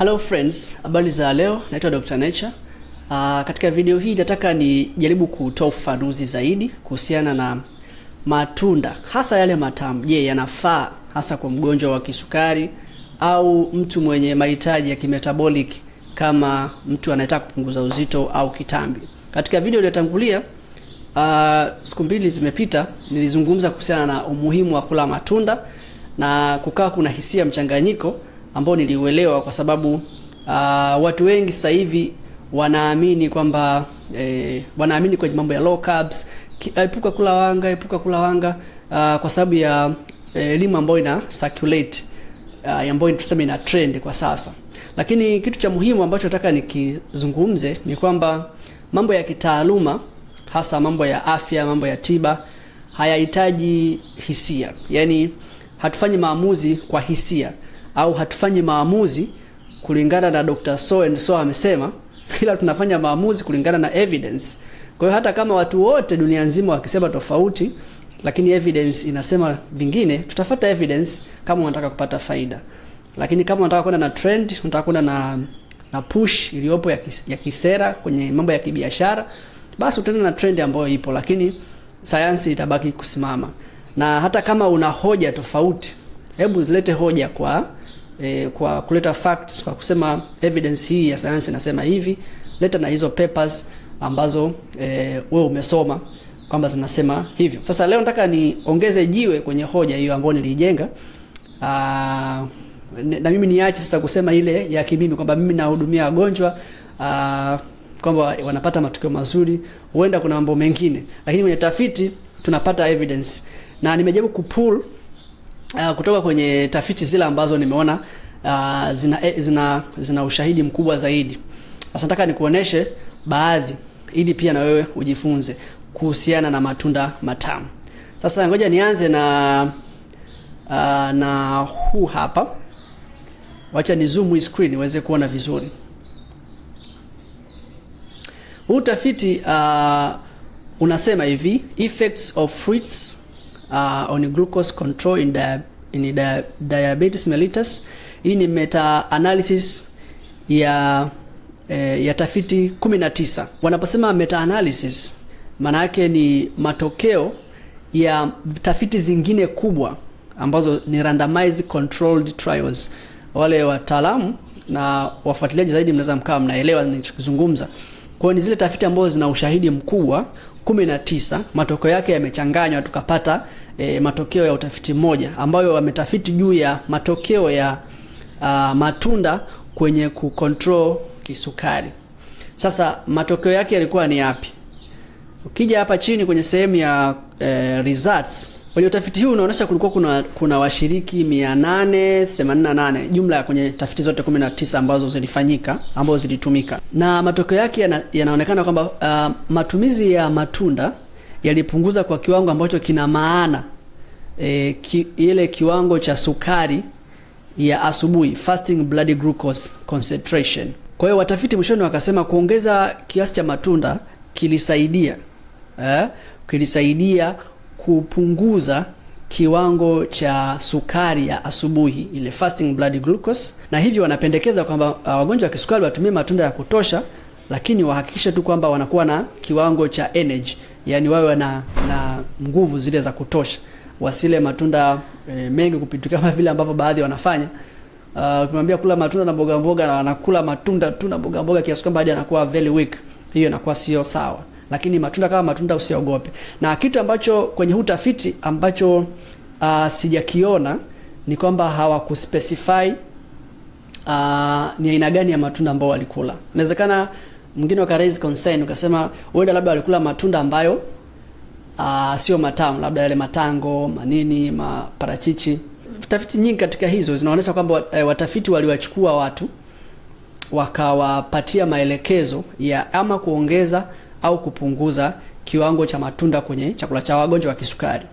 Hello friends, habari za leo. Naitwa Dr. Nature. Uh, katika video hii nataka nijaribu kutoa ufafanuzi zaidi kuhusiana na matunda hasa yale matamu. Je, yanafaa hasa kwa mgonjwa wa kisukari au mtu mwenye mahitaji ya kimetabolic kama mtu anayetaka kupunguza uzito au kitambi. Katika video iliyotangulia uh, siku mbili zimepita nilizungumza kuhusiana na umuhimu wa kula matunda na kukawa kuna hisia mchanganyiko ambao niliuelewa kwa sababu uh, watu wengi sasa hivi wanaamini kwamba eh, wanaamini kwenye mambo ya low carbs, epuka kula wanga, epuka kula wanga uh, kwa sababu ya eh, elimu eh, ambayo ina circulate uh, ambayo tuseme ina trend kwa sasa. Lakini kitu cha muhimu ambacho nataka nikizungumze ni kwamba mambo ya kitaaluma, hasa mambo ya afya, mambo ya tiba hayahitaji hisia, yani hatufanyi maamuzi kwa hisia au hatufanyi maamuzi kulingana na Dr. So and so amesema, ila tunafanya maamuzi kulingana na evidence. Kwa hiyo hata kama watu wote dunia nzima wakisema tofauti, lakini evidence inasema vingine, tutafuta evidence kama unataka kupata faida. Lakini kama unataka kwenda na trend, unataka kwenda na na push iliyopo ya, kis, ya kisera kwenye mambo ya kibiashara, basi utaenda na trend ambayo ipo, lakini sayansi itabaki kusimama. Na hata kama una hoja tofauti, hebu zilete hoja kwa eh, kwa kuleta facts, kwa kusema evidence hii ya sayansi inasema hivi, leta na hizo papers ambazo eh, we umesoma kwamba zinasema hivyo. Sasa leo nataka niongeze jiwe kwenye hoja hiyo ambayo nilijenga ah, na mimi niache sasa kusema ile ya kimimi kwamba mimi nahudumia wagonjwa ah, kwamba wanapata matokeo mazuri. Huenda kuna mambo mengine, lakini kwenye tafiti tunapata evidence na nimejaribu kupull uh, kutoka kwenye tafiti zile ambazo nimeona uh, zina, eh, zina zina ushahidi mkubwa zaidi. Sasa nataka nikuoneshe baadhi ili pia na wewe ujifunze kuhusiana na matunda matamu. Sasa ngoja nianze na uh, na huu hapa. Wacha ni zoom hii screen niweze kuona vizuri. Huu tafiti uh, unasema hivi effects of fruits uh, on glucose control in, dia in dia diabetes mellitus. Hii ni meta analysis ya eh, ya tafiti 19. Wanaposema meta analysis, maana yake ni matokeo ya tafiti zingine kubwa ambazo ni randomized controlled trials. Wale wataalamu na wafuatiliaji zaidi mnaweza mkawa mnaelewa ninachokizungumza. Kwa hiyo ni zile tafiti ambazo zina ushahidi mkubwa 19 matokeo yake yamechanganywa tukapata e, matokeo ya utafiti mmoja ambayo wametafiti juu ya matokeo ya a, ah, matunda kwenye kucontrol kisukari. Sasa matokeo yake yalikuwa ni yapi? Ukija hapa chini kwenye sehemu ya e, results Kwenye utafiti huu unaonyesha kulikuwa kuna kuna washiriki 888 jumla ya kwenye tafiti zote 19 ambazo zilifanyika ambazo zilitumika, na matokeo yake yana, yanaonekana kwamba uh, matumizi ya matunda yalipunguza kwa kiwango ambacho kina maana e, ki, ile kiwango cha sukari ya asubuhi, fasting blood glucose concentration. Kwa hiyo watafiti mwishoni wakasema kuongeza kiasi cha matunda kilisaidia eh, kilisaidia kupunguza kiwango cha sukari ya asubuhi ile fasting blood glucose, na hivyo wanapendekeza kwamba uh, wagonjwa wa kisukari watumie matunda ya kutosha, lakini wahakikishe tu kwamba wanakuwa na kiwango cha energy, yani wawe na, na nguvu zile za kutosha, wasile matunda e, mengi kupita kama vile ambavyo baadhi wanafanya. Uh, ukimwambia uh, kula matunda na mboga mboga, na wanakula matunda tu na mboga mboga kiasi kwamba hadi anakuwa very weak, hiyo inakuwa sio sawa lakini matunda kama matunda usiogope. Na kitu ambacho kwenye utafiti ambacho uh, sijakiona ni kwamba hawakuspecify uh, ni aina gani ya matunda ambao walikula. Inawezekana mwingine waka raise concern ukasema wewe labda walikula matunda ambayo uh, sio matamu, labda yale matango, manini, maparachichi. Tafiti nyingi katika hizo zinaonyesha kwamba e, watafiti waliwachukua watu wakawapatia maelekezo ya ama kuongeza au kupunguza kiwango cha matunda kwenye chakula cha wagonjwa wa kisukari.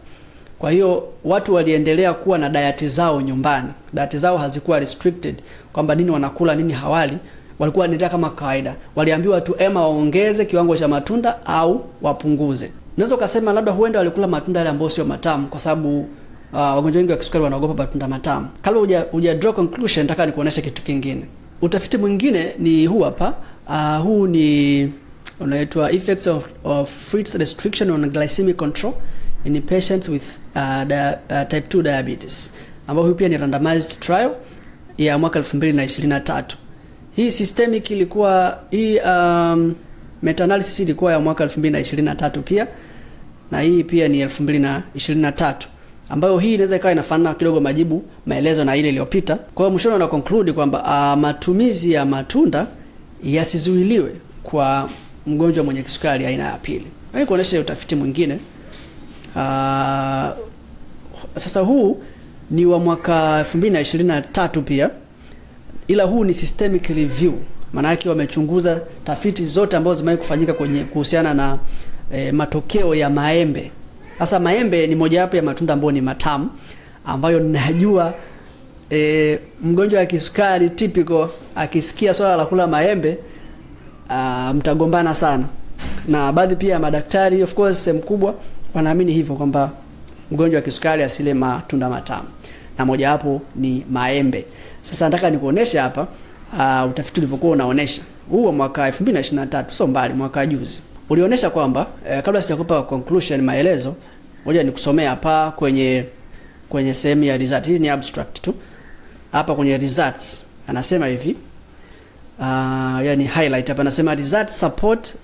Kwa hiyo watu waliendelea kuwa na dayati zao nyumbani. dayati zao hazikuwa restricted kwamba nini wanakula nini hawali, walikuwa wanaendelea kama kawaida. Waliambiwa tu ema waongeze kiwango cha matunda au wapunguze. Unaweza ukasema labda huenda walikula matunda yale ambayo sio matamu, kwa sababu uh, wagonjwa wengi wa kisukari wanaogopa matunda matamu. Kabla uja, uja draw conclusion, nataka nikuoneshe kitu kingine. Utafiti mwingine ni huu hapa. Uh, huu ni unaitwa effects of, of fruits restriction on glycemic control in patients with uh, di uh, type 2 diabetes ambayo pia ni randomized trial ya mwaka 2023. Hii systemic ilikuwa hii um, meta analysis ilikuwa ya mwaka 2023 pia na hii pia ni 2023 ambayo hii inaweza ikawa inafanana kidogo majibu maelezo na ile iliyopita. Kwa hiyo mshono na conclude kwamba uh, matumizi ya matunda yasizuiliwe kwa mgonjwa mwenye kisukari aina ya pili. Hii kuonesha utafiti mwingine aa, ah, sasa huu ni wa mwaka 2023 pia, ila huu ni systemic review, maana yake wamechunguza tafiti zote ambazo zimewahi kufanyika kwenye kuhusiana na e, matokeo ya maembe. Sasa maembe ni mojawapo ya matunda ambayo ni matamu ambayo najua e, eh, mgonjwa wa kisukari typical akisikia swala la kula maembe uh, mtagombana sana, na baadhi pia ya madaktari of course, sehemu kubwa wanaamini hivyo kwamba mgonjwa wa kisukari asile matunda matamu, na mojawapo ni maembe. Sasa nataka nikuoneshe hapa uh, utafiti ulivyokuwa unaonesha huu wa mwaka 2023 sio mbali, mwaka juzi ulionyesha kwamba eh, kabla sijakupa conclusion maelezo, moja nikusomea hapa kwenye kwenye sehemu ya results Hii ni abstract tu hapa kwenye results, anasema hivi uh, yani highlight hapa anasema result support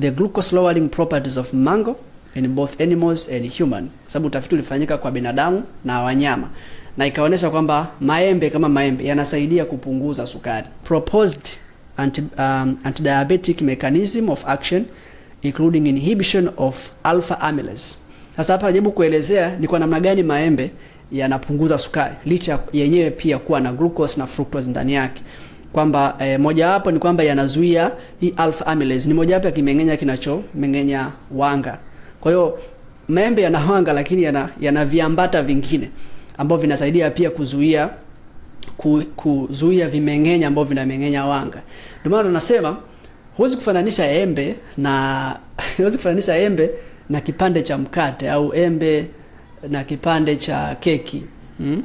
the glucose lowering properties of mango in both animals and human, sababu utafiti ulifanyika kwa binadamu na wanyama na ikaonyesha kwamba maembe kama maembe yanasaidia kupunguza sukari. Proposed anti, um, antidiabetic mechanism of action including inhibition of alpha amylase. Sasa hapa najaribu kuelezea ni kwa namna gani maembe yanapunguza sukari licha yenyewe pia kuwa na glucose na fructose ndani yake kwamba e, mojawapo ni kwamba yanazuia hii alpha amylase, ni mojawapo ya kimeng'enya kinachomeng'enya wanga. Kwa hiyo maembe yana wanga, lakini yana, yana viambata vingine ambavyo vinasaidia pia kuzuia ku, kuzuia vimeng'enya ambavyo vinameng'enya wanga. Ndio maana tunasema huwezi kufananisha embe na huwezi kufananisha embe na kipande cha mkate au embe na kipande cha keki mm?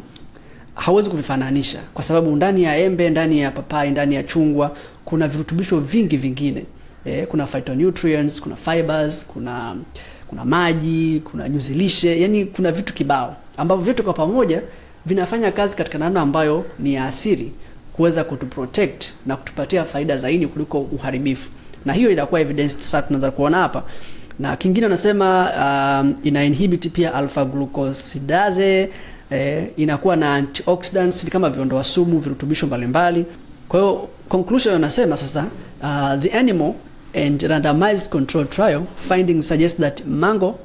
hawezi kuvifananisha kwa sababu ndani ya embe, ndani ya papai, ndani ya chungwa kuna virutubisho vingi vingine. E, kuna phytonutrients, kuna fibers, kuna kuna maji, kuna nyuzi lishe, yani kuna vitu kibao ambavyo vyote kwa pamoja vinafanya kazi katika namna ambayo ni ya asili kuweza kutuprotect na kutupatia faida zaidi kuliko uharibifu, na hiyo inakuwa evidence sasa tunaanza kuona hapa. Na kingine anasema um, ina inhibit pia alpha glucosidase eh, inakuwa na antioxidants ni kama viondoa sumu, virutubisho mbalimbali. Kwa hiyo conclusion wanasema sasa, uh, the animal and randomized control trial findings suggest that mango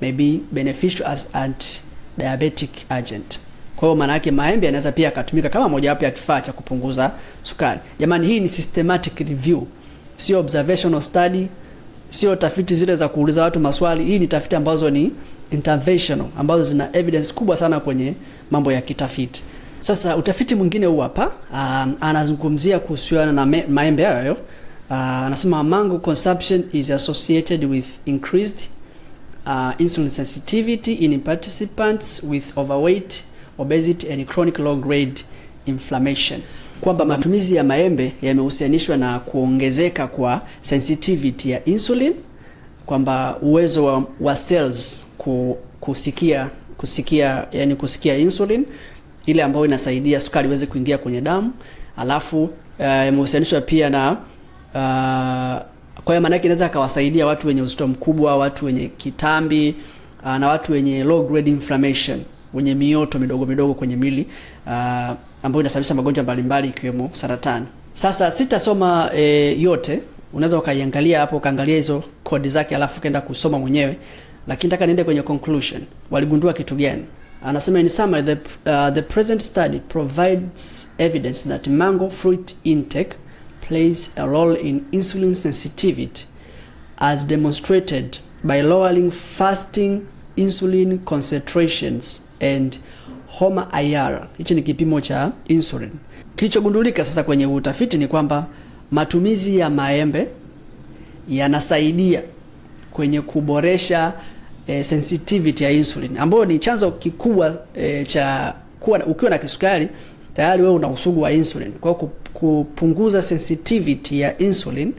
may be beneficial as anti-diabetic agent. Kwa hiyo maana yake maembe yanaweza pia yakatumika kama mojawapo ya kifaa cha kupunguza sukari. Jamani, hii ni systematic review, sio observational study, sio tafiti zile za kuuliza watu maswali. Hii ni tafiti ambazo ni interventional ambazo zina evidence kubwa sana kwenye mambo ya kitafiti. Sasa utafiti mwingine huu hapa um, anazungumzia kuhusiana na me, maembe hayo. Uh, anasema mango consumption is associated with increased uh, insulin sensitivity in participants with overweight, obesity and chronic low grade inflammation, kwamba matumizi ya maembe yamehusianishwa na kuongezeka kwa sensitivity ya insulin, kwamba uwezo wa, wa cells ku, kusikia kusikia yani kusikia insulin ile ambayo inasaidia sukari iweze kuingia kwenye damu, alafu uh, imehusianishwa pia na uh, kwa hiyo maana inaweza akawasaidia watu wenye uzito mkubwa, watu wenye kitambi uh, na watu wenye low grade inflammation, wenye mioto midogo midogo kwenye mili uh, ambayo inasababisha magonjwa mbalimbali ikiwemo saratani. Sasa sitasoma e, yote, unaweza ukaiangalia hapo ukaangalia hizo kodi zake, alafu ukaenda kusoma mwenyewe lakini nataka niende kwenye conclusion. Waligundua kitu gani? Anasema in summary the, uh, the present study provides evidence that mango fruit intake plays a role in insulin sensitivity as demonstrated by lowering fasting insulin concentrations and HOMA IR. Hichi ni kipimo cha insulin. Kilichogundulika sasa kwenye utafiti ni kwamba matumizi ya maembe yanasaidia kwenye kuboresha e, sensitivity ya insulin ambayo ni chanzo kikubwa e, cha kuwa, ukiwa na kisukari tayari wewe una usugu wa insulin. Kwa kupunguza sensitivity ya insulin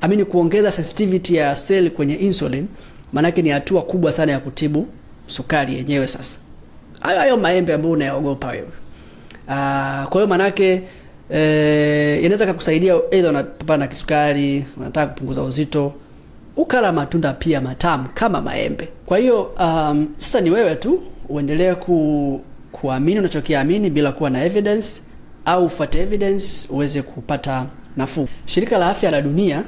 amini, kuongeza sensitivity ya seli kwenye insulin, maanake ni hatua kubwa sana ya kutibu sukari yenyewe. Sasa hayo hayo maembe ambayo unayaogopa wewe. Ah, kwa hiyo maanake eh, inaweza e, kakusaidia, aidha unapambana na kisukari, unataka kupunguza uzito ukala matunda pia matamu kama maembe. Kwa hiyo um, sasa ni wewe tu uendelee ku, kuamini unachokiamini bila kuwa na evidence au ufuate evidence uweze kupata nafuu. Shirika la Afya la Dunia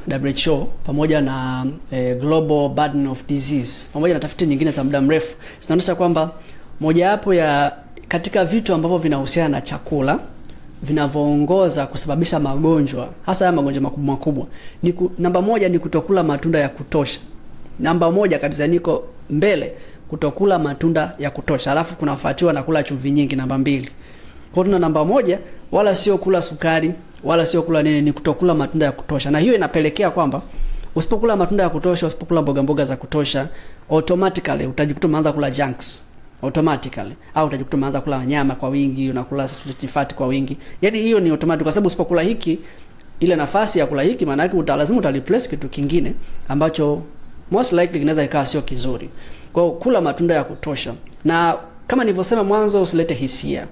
WHO pamoja na eh, Global Burden of Disease pamoja na tafiti nyingine za muda mrefu zinaonyesha kwamba mojawapo ya katika vitu ambavyo vinahusiana na chakula vinavyoongoza kusababisha magonjwa hasa haya magonjwa makubwa makubwa ni ku, namba moja ni kutokula matunda ya kutosha. Namba moja kabisa niko mbele, kutokula matunda ya kutosha, alafu kunafuatiwa na kula chumvi nyingi, namba mbili. Kwa tuna namba moja, wala sio kula sukari wala sio kula nini, ni kutokula matunda ya kutosha, na hiyo inapelekea kwamba usipokula matunda ya kutosha, usipokula mboga mboga za kutosha, automatically utajikuta unaanza kula junks automatically au utajikuta umeanza kula nyama kwa wingi, unakula saturated fat kwa wingi. Yaani hiyo ni automatic, kwa sababu usipokula hiki ile nafasi ya kula hiki, maana yake utalazimu lazima uta replace kitu kingine ambacho most likely kinaweza ikawa sio kizuri. Kwa hiyo kula matunda ya kutosha, na kama nilivyosema mwanzo, usilete hisia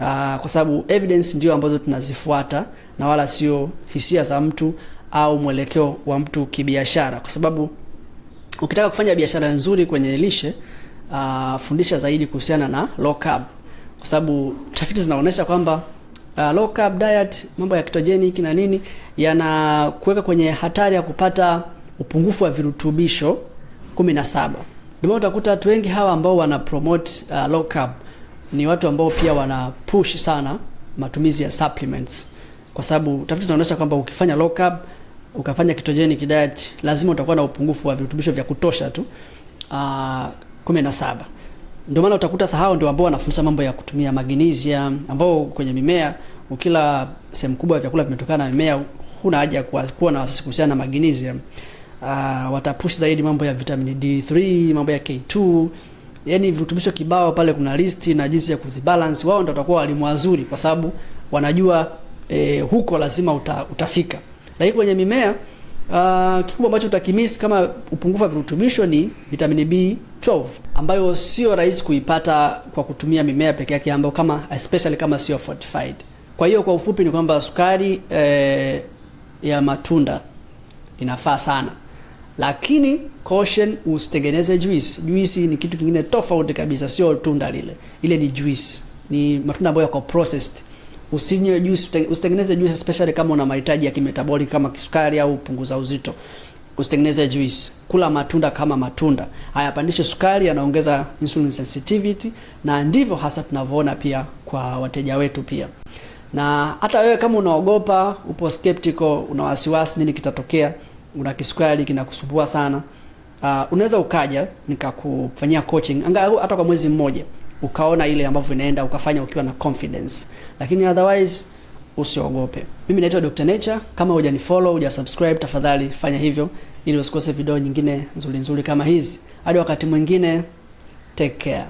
aa, ah, kwa sababu evidence ndio ambazo tunazifuata na wala sio hisia za mtu au mwelekeo wa mtu kibiashara, kwa sababu ukitaka kufanya biashara nzuri kwenye lishe uh, fundisha zaidi kuhusiana na low carb, kwa sababu tafiti zinaonyesha kwamba uh, low carb diet, mambo ya ketogenic na nini yanakuweka kwenye hatari ya kupata upungufu wa virutubisho 17. Ndio utakuta watu wengi hawa ambao wana promote uh, low carb ni watu ambao pia wana push sana matumizi ya supplements, kwa sababu tafiti zinaonyesha kwamba ukifanya low carb ukafanya ketogenic diet lazima utakuwa na upungufu wa virutubisho vya kutosha tu. Uh, 17. Ndio maana utakuta sahau ndio ambao wanafunza mambo ya kutumia magnesium ambao kwenye mimea ukila sehemu kubwa ya vyakula vimetokana na mimea, huna haja ya kuwa na wasiwasi kuhusiana na magnesium. Uh, watapush zaidi mambo ya vitamini D3, mambo ya K2, yani virutubisho kibao pale, kuna listi na jinsi ya kuzibalance. Wao ndio watakuwa walimu wazuri kwa sababu wanajua eh, huko lazima uta, utafika, lakini kwenye mimea Uh, kikubwa ambacho utakimisi kama upungufu wa virutubisho ni vitamini B12 ambayo sio rahisi kuipata kwa kutumia mimea peke yake ambayo kama especially kama sio fortified. Kwa hiyo kwa ufupi ni kwamba sukari eh, ya matunda inafaa sana, lakini caution, usitengeneze juice. Juice ni kitu kingine tofauti kabisa, sio tunda lile. Ile ni juice, ni matunda ambayo yako processed Usinywe juice, usitengeneze juice especially kama una mahitaji ya kimetabolic kama kisukari au punguza uzito. Usitengeneze juice. Kula matunda kama matunda. Hayapandishe sukari, yanaongeza insulin sensitivity na ndivyo hasa tunavyoona pia kwa wateja wetu pia. Na hata wewe kama unaogopa, upo skeptical, una wasiwasi nini kitatokea, una kisukari kinakusumbua sana. Uh, unaweza ukaja nikakufanyia coaching. Angalau hata kwa mwezi mmoja ukaona ile ambavyo inaenda ukafanya ukiwa na confidence, lakini otherwise usiogope. Mimi naitwa Dr. Nature. Kama hujanifollow, hujasubscribe, tafadhali fanya hivyo ili usikose video nyingine nzuri nzuri kama hizi. Hadi wakati mwingine, take care.